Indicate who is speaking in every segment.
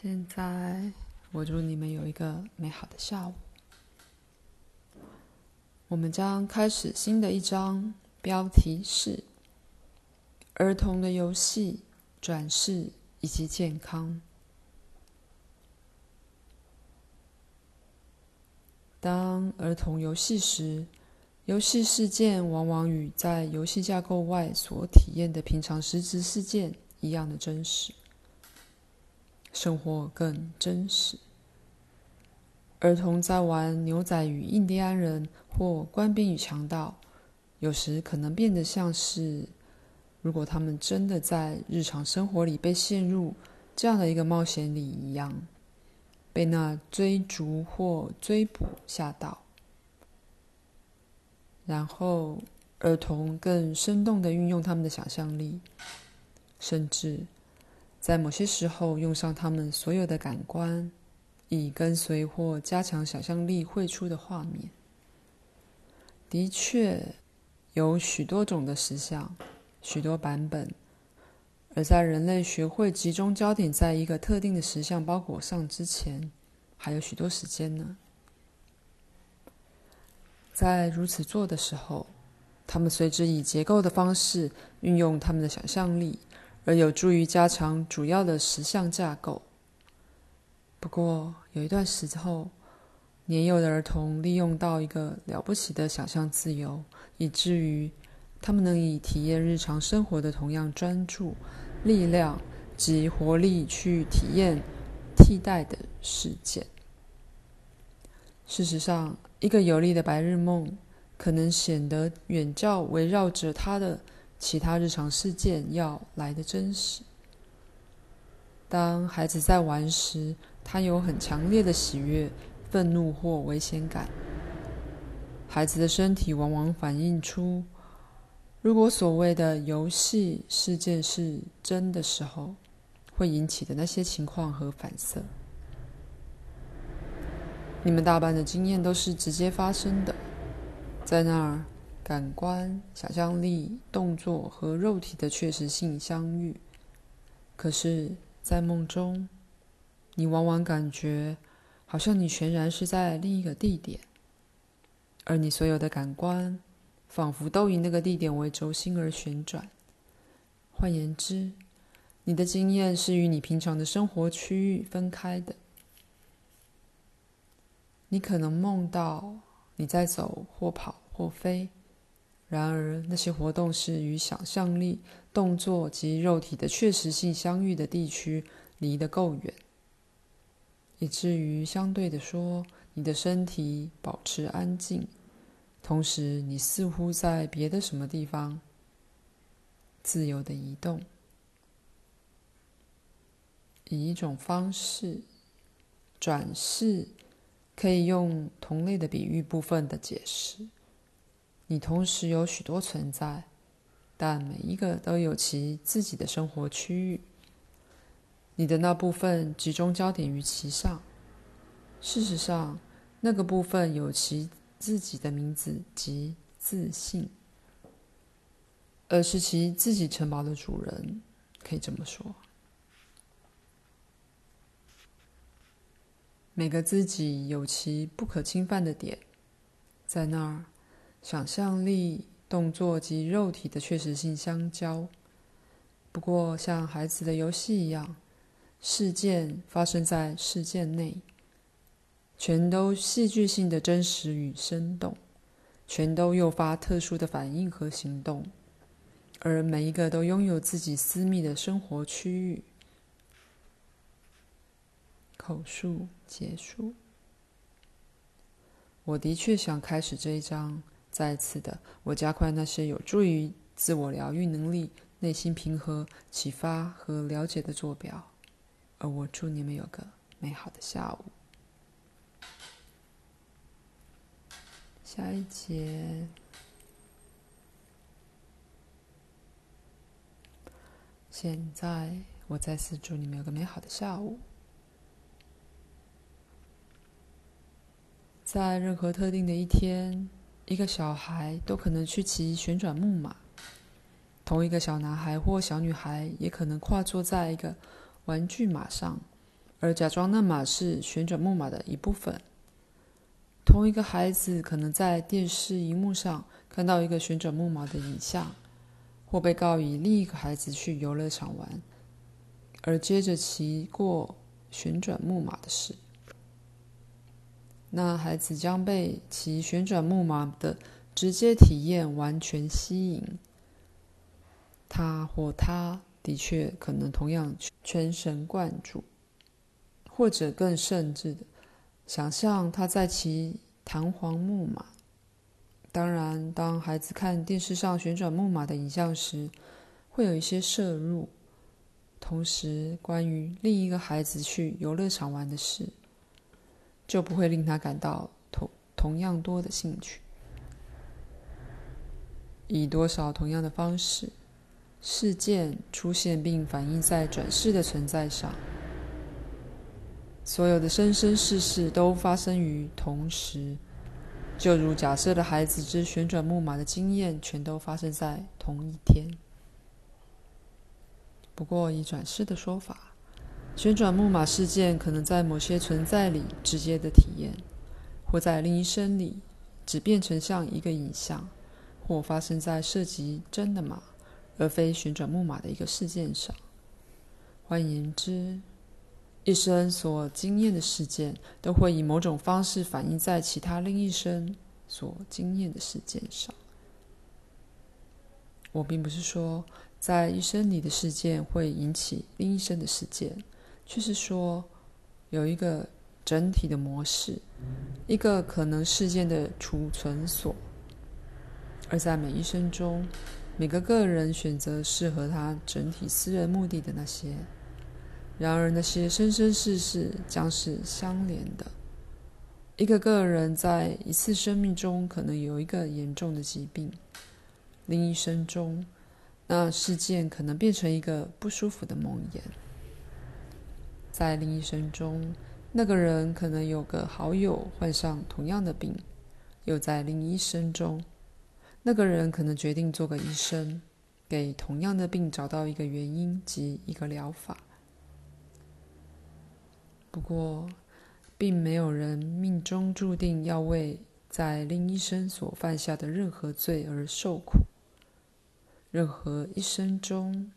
Speaker 1: 現在，我祝你們有一個美好的下午。我們將開始新的一章，標題是“兒童的遊戲、轉世以及健康”。當兒童遊戲時，遊戲事件往往與在遊戲架構外所體驗的平常實質事件一樣的真實。生活更真實。兒童在玩牛仔與印第安人或官兵與強盜，有時可能變得像是，如果他們真的在日常生活裡被陷入這樣的一個冒險裡一樣，被那追逐或追捕嚇到。然後兒童更生動的運用他們的想象力，甚至。在某些時候，用上他們所有的感官，以跟隨或加強想象力繪出的畫面。的確，有許多種的實相，許多版本。而在人類學會集中焦點在一個特定的實相包裹上之前，還有許多時間呢。在如此做的時候，他們隨之以結構的方式運用他們的想象力。而有助於加強主要的實相架構。不過，有一段時候，年幼的兒童利用到一個了不起的想象自由，以至於他們能以體驗日常生活的同樣專注、力量及活力去體驗替代的事件。事實上，一個有力的白日夢可能顯得遠較圍繞着他的。其他日常事件要來的真實。當孩子在玩時，他有很強烈的喜悅、憤怒或危險感。孩子的身體往往反映出，如果所謂的遊戲事件是真的時候，會引起的那些情況和反射。你們大半的經驗都是直接發生的，在那兒。感官、想象力、動作和肉體的確實性相遇，可是，在夢中，你往往感覺好像你全然是在另一個地點，而你所有的感官仿佛都以那個地點為軸心而旋轉。換言之，你的經驗是與你平常的生活區域分開的。你可能夢到你在走，或跑，或飛。然而，那些活動是與想象力、動作及肉體的確實性相遇的地區，離得夠遠，以至於相對的說，你的身體保持安靜，同時你似乎在別的什麼地方自由的移動，以一種方式，轉世可以用同類的比喻部分的解釋。你同時有許多存在，但每一個都有其自己的生活區域。你的那部分集中焦點於其上。事實上，那個部分有其自己的名字及自信，而是其自己城堡的主人，可以這麼說。每個自己有其不可侵犯的點，在那兒。想象力、動作及肉體的確實性相交，不過像孩子的遊戲一樣，事件發生在事件內，全都戲劇性的真實與生動，全都誘發特殊的反應和行動，而每一個都擁有自己私密的生活區域。口述結束。我的確想開始這一章。再次的，我加快那些有助於自我療癒能力、內心平和、啟發和了解的坐標。而我祝你們有個美好的下午。下一節。現在我再次祝你們有個美好的下午。在任何特定的一天，一個小孩都可能去騎旋轉木馬，同一個小男孩或小女孩也可能跨坐在一個玩具馬上，而假裝那馬是旋轉木馬的一部分。同一個孩子可能在電視熒幕上看到一個旋轉木馬的影像，或被告以另一個孩子去遊樂場玩，而接着騎過旋轉木馬的事。那孩子將被騎旋轉木馬的直接體驗完全吸引，他或她的確可能同樣全神貫注，或者更甚至的，想象他在騎彈簧木馬。當然，當孩子看電視上旋轉木馬的影像時，會有一些攝入，同時關於另一個孩子去遊樂場玩的事。就不會令他感到同同樣多的興趣。以多少同樣的方式，事件出現並反映在轉世的存在上。所有的生生世世都發生於同時，就如假設的孩子之旋轉木馬的經驗全都發生在同一天。不過以轉世的說法。旋轉木馬事件可能在某些存在裡直接的體驗，或在另一生裡只變成像一個影像，或發生在涉及真的馬而非旋轉木馬的一個事件上。換言之，一生所經驗的事件都會以某種方式反映在其他另一生所經驗的事件上。我並不是說在一生裡的事件會引起另一生的事件。卻是說，有一個整體的模式，一個可能事件的儲存所。而在每一生中，每個個人選擇適合他整體私人目的的那些。然而，那些生生世世將是相連的。一個個人在一次生命中可能有一個嚴重的疾病，另一生中，那事件可能變成一個不舒服的夢魘。在另一生中，那個人可能有個好友患上同樣的病；又在另一生中，那個人可能決定做個醫生，給同樣的病找到一個原因及一個療法。不過，並沒有人命中注定要為在另一生所犯下的任何罪而受苦。任何一生中，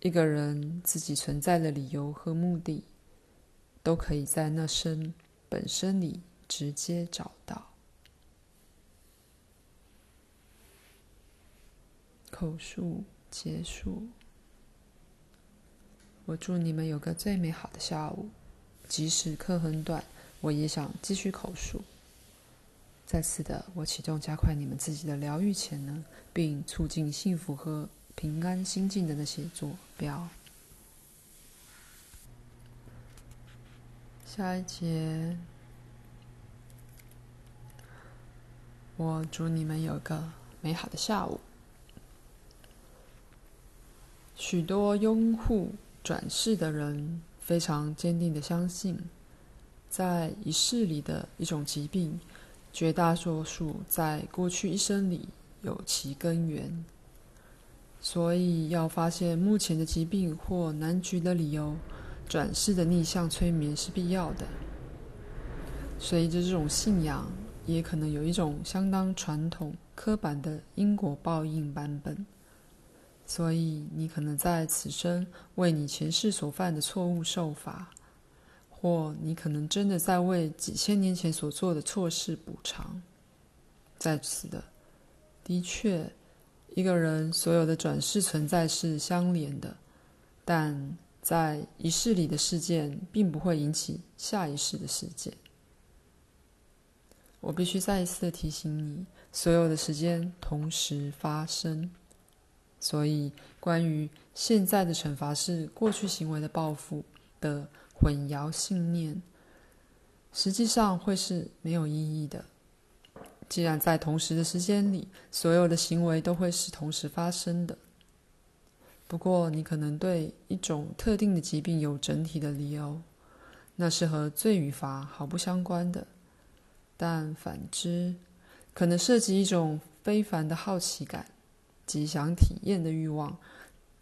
Speaker 1: 一個人自己存在的理由和目的，都可以在那身本身裡直接找到。口述結束。我祝你們有個最美好的下午，即使課很短，我也想繼續口述。再次的，我啟動加快你們自己的療癒潛能，並促進幸福和平安心境的那些坐標。下一節，我祝你們有個美好的下午。許多擁護轉世的人非常堅定的相信，在一世裡的一種疾病，絕大多數在過去一生裡有其根源。所以，要發現目前的疾病或難局的理由。轉世的逆向催眠是必要的。隨着這種信仰，也可能有一種相當傳統、刻板的因果報應版本。所以，你可能在此生為你前世所犯的錯誤受罰，或你可能真的在為幾千年前所做的錯事補償。在此的，的確，一個人所有的轉世存在是相連的，但。在一世裡的事件，並不會引起下一世的事件。我必須再一次的提醒你，所有的時間同時發生，所以關於現在的懲罰是過去行為的報復的混淆信念，實際上會是沒有意義的。既然在同時的時間裡，所有的行為都會是同時發生的。不過，你可能對一種特定的疾病有整體的理由，那是和罪與罰毫不相關的。但反之，可能涉及一種非凡的好奇感、極想體驗的欲望，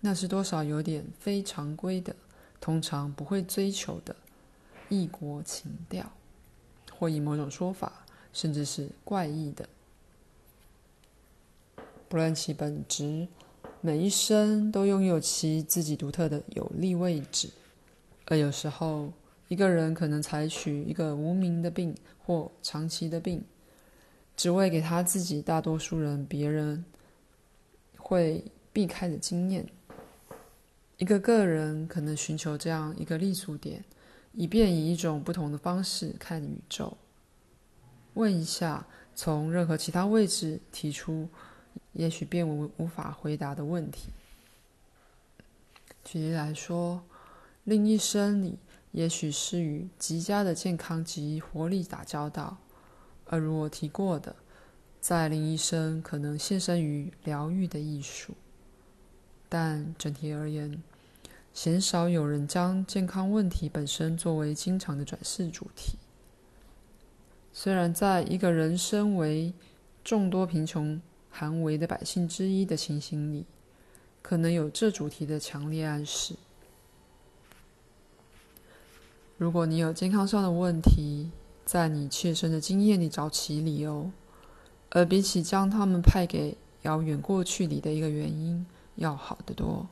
Speaker 1: 那是多少有點非常規的，通常不會追求的異國情調，或以某種說法，甚至是怪異的。不論其本質。每一生都擁有其自己獨特的有利位置，而有時候一個人可能採取一個無名的病或長期的病，只為給他自己大多數人別人會避開的經驗。一個個人可能尋求這樣一個立足點，以便以一種不同的方式看宇宙。問一下，從任何其他位置提出。也許並無無法回答的問題。舉例來說，另一生裡，也許是與極佳的健康及活力打交道；而如我提過的，在另一生可能獻身於療癒的藝術。但整體而言，鮮少有人將健康問題本身作為經常的轉世主題。雖然在一個人生為眾多貧窮。韓維的百姓之一的情形裡，可能有這主題的強烈暗示。如果你有健康上的問題，在你切身的經驗裡找其理由，而比起將他們派給遙遠過去裡的一個原因，要好得多。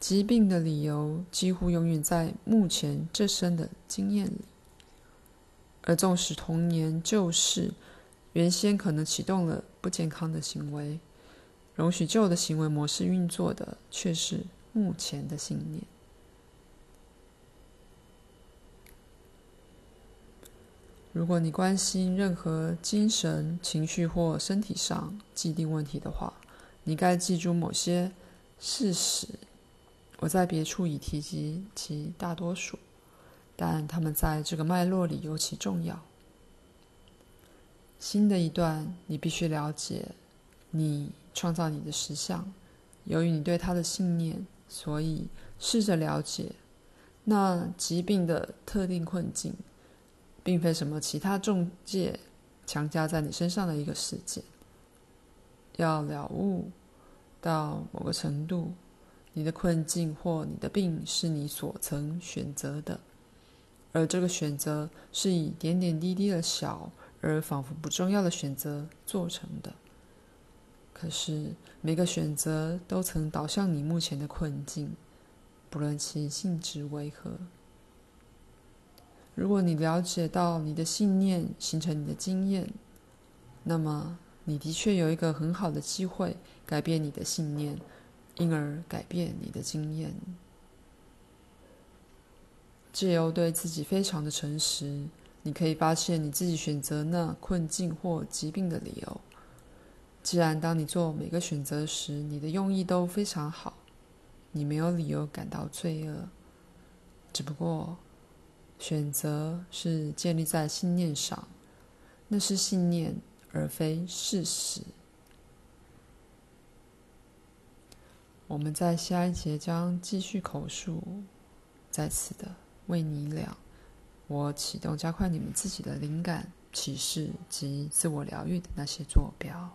Speaker 1: 疾病的理由幾乎永遠在目前這生的經驗裡，而縱使童年舊事原先可能啟動了不健康的行為，容許舊的行為模式運作的，卻是目前的信念。如果你關心任何精神、情緒或身體上既定問題的話，你該記住某些事實。我在別處已提及其大多數，但它們在這個脈絡裡尤其重要。新的一段，你必須了解，你創造你的實相，由於你對他的信念，所以試着了解，那疾病的特定困境，並非什麼其他中介強加在你身上的一個事件。要了悟到某個程度，你的困境或你的病是你所曾選擇的，而這個選擇是以點點滴滴的小，而仿佛不重要的選擇做成的。可是每個選擇都曾導向你目前的困境，不論其性質為何。如果你了解到你的信念形成你的經驗，那麼你的確有一個很好的機會改變你的信念，因而改變你的經驗。藉由對自己非常的誠實。你可以發現你自己選擇那困境或疾病的理由。既然當你做每個選擇時，你的用意都非常好，你沒有理由感到罪惡。只不過，選擇是建立在信念上，那是信念而非事實。我們在下一節將繼續口述，在此的為你倆。我啟動加快你們自己的靈感啟示及自我療癒的那些坐標。